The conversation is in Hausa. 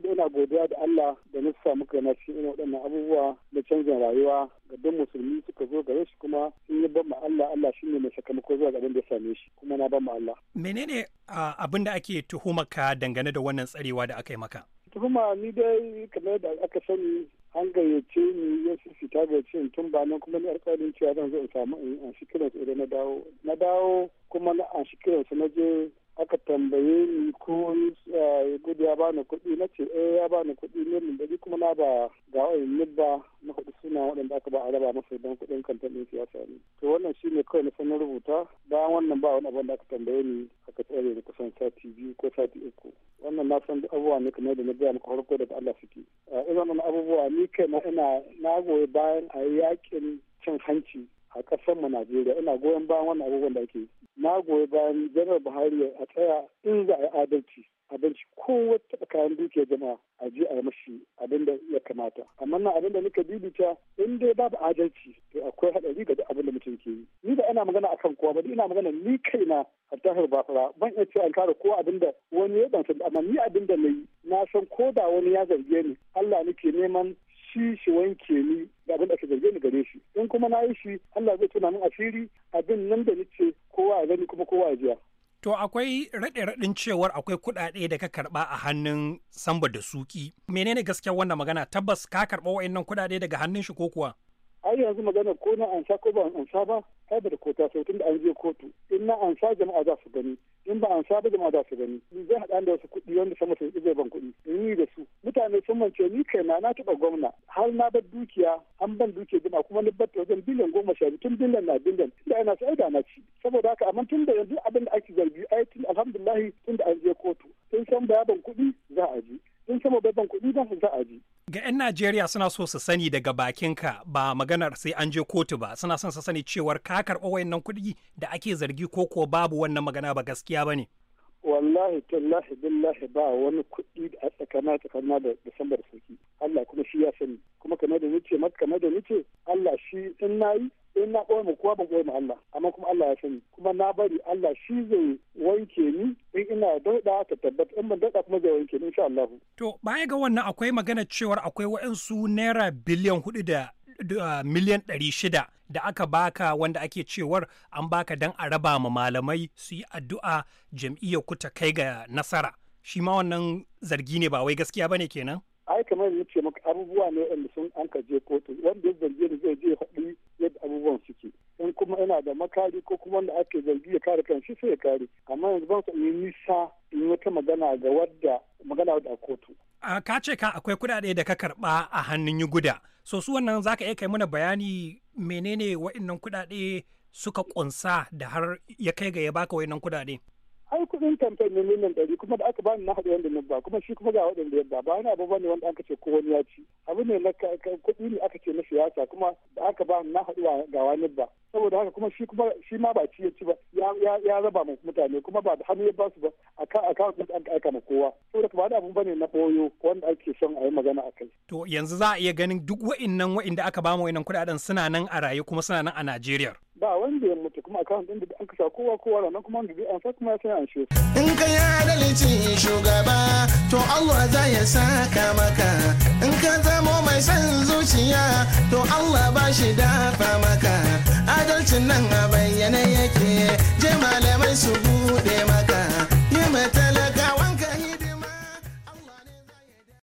farko da ina godiya da Allah da na samu kaina cikin ina waɗannan abubuwa da canjin rayuwa ga duk musulmi suka zo gare shi kuma sun yi ban ma Allah Allah shine mai sakamako zuwa ga da ya same shi kuma na ban Allah. Menene abin da ake tuhumaka dangane da wannan tsarewa da aka yi maka? Tuhuma ni dai kamar da aka sani an gayyace ni ya fita gayyace cin tun ba nan kuma ni alƙalin cewa zan zo in samu in an shi kiransu idan na dawo. Na dawo kuma na an shi kiransu na je aka tambaye ni ko gudu eh, ya bani kuɗi na ce eh ya bani kuɗi mun ɗari kuma na ba ga wa'in nibba na kuɗi suna waɗanda aka ba a raba masa don kuɗin kantan ɗin siyasa ne to wannan shi ne kawai na rubuta bayan wannan ba wani abin da aka tambaye ni aka tsare da kusan sati biyu ko sati uku wannan na san abubuwa ne kamar da na gaya maka farko daga Allah suke eh, irin wannan abubuwa ni kai na ina na goyi bayan a yakin cin hanci a ƙasar mu Najeriya ina goyon bayan wannan abubuwan da ake na goyi bayan janar Buhari a tsaya in za a yi adalci abinci ko wata tsakanin dukiyar jama'a a je a yi mashi abin da ya kamata amma na abin da nika bibita in dai babu adalci to akwai haɗari ga abin da mutum ke yi ni da ina magana akan kowa ba ina magana ni kaina a tahar bafara ban iya cewa an kare ko abin da wani ya ban amma ni abin da na yi na san ko da wani ya zarge ni Allah nake neman shi shi wanke ni da abin da aka zarge ni gare shi in kuma na yi shi Allah zai tuna min asiri abin nan da nace kowa ya gani kuma kowa ya jiya To akwai raɗe-raɗin cewar akwai kuɗaɗe da ka karɓa a hannun samba da suki. Menene gaskiyar wannan magana tabbas ka karɓa wa'annan kuɗaɗe daga hannun shi ko kuwa? Ai yanzu magana ko na ansa ko ba ansa ba, ai da kota sai tun da an je kotu. In na ansa jama'a za su gani, in ba ansa ba jama'a za su gani. Ni zai haɗa da wasu kuɗi wanda sama su zai ban kuɗi. Ni musamman ke ni kaina na taɓa gwamna har na bar dukiya an ban dukiya jima kuma ni bar wajen biliyan goma sha tun biliyan na biliyan tun da ina sai da na ci saboda haka amma tun da yanzu abin da ake zargi ai tun alhamdulillahi tun da an je kotu tun san bayan kuɗi za a ji tun san bayan kuɗi za za a ji. ga 'yan Najeriya suna so su sani daga bakinka ba maganar sai an je kotu ba suna son su sani cewar ka karɓa wayannan kuɗi da ake zargi ko ko babu wannan magana ba gaskiya ba ne. wallahi tallahi billahi ba wani kuɗi a tsakana tsakana da disambar sarki sauki Allah kuma shi ya sani kuma kamar da nace maka kamar da nace Allah shi in nayi in na ɓoye mu kowa ban ɓoye mu Allah amma kuma Allah ya sani kuma na bari Allah shi zai wanke ni in ina dauɗa ta tabbata in ban dauda kuma zai wanke ni insha Allah to baya ga wannan akwai magana cewa akwai waɗansu naira biliyan hudu da Ah, miliyan ɗari shida da aka baka wanda ake cewar an baka dan a raba ma malamai su yi addu'a jam'iyyar ku ta kai ga nasara shi ma wannan zargi ne ba wai gaskiya bane kenan ai kamar yadda ce maka abubuwa ne wanda sun an ka je kotu wanda ya zargi da zai je haɗu yadda abubuwan suke in kuma yana da makari ko kuma wanda ake zargi ya kare kan shi sai ya kare amma yanzu ban sa yi nisa in wata magana ga wadda magana wadda a kotu ah, ka ce ka akwai kuɗaɗe da ka karɓa a hannun yi guda so su wannan za ka kai mana bayani menene waɗannan kuɗaɗe suka ƙunsa da har ya kai ga ya baka waɗannan kuɗaɗe. ai kuɗin kamfen ne miliyan ɗari kuma da aka bani na haɗu wanda na ba kuma shi kuma ga waɗanda ya ba wani abu bane wanda aka ce ko wani ya ci abu ne na kuɗi ne aka ce na siyasa kuma da aka bani na haɗuwa ga wani ba saboda haka kuma shi kuma shi ma ba ci ci ba ya raba mu mutane kuma ba da hannu ya basu ba a kan a kan an aika ma kowa saboda ba da abun bane na boyo wanda ake son a yi magana kai to yanzu za a iya ganin duk wa'innan wa'inda aka ba mu wa'innan kudaden suna nan a raye kuma suna nan a Najeriya ba wanda ya mutu kuma akan din da an kasa kowa kowa ranan kuma wanda an sa kuma ya san an shi in ka ya adalci shugaba to Allah za ya saka maka in ka zamo mai san zuciya to Allah ba shi dafa maka nang à,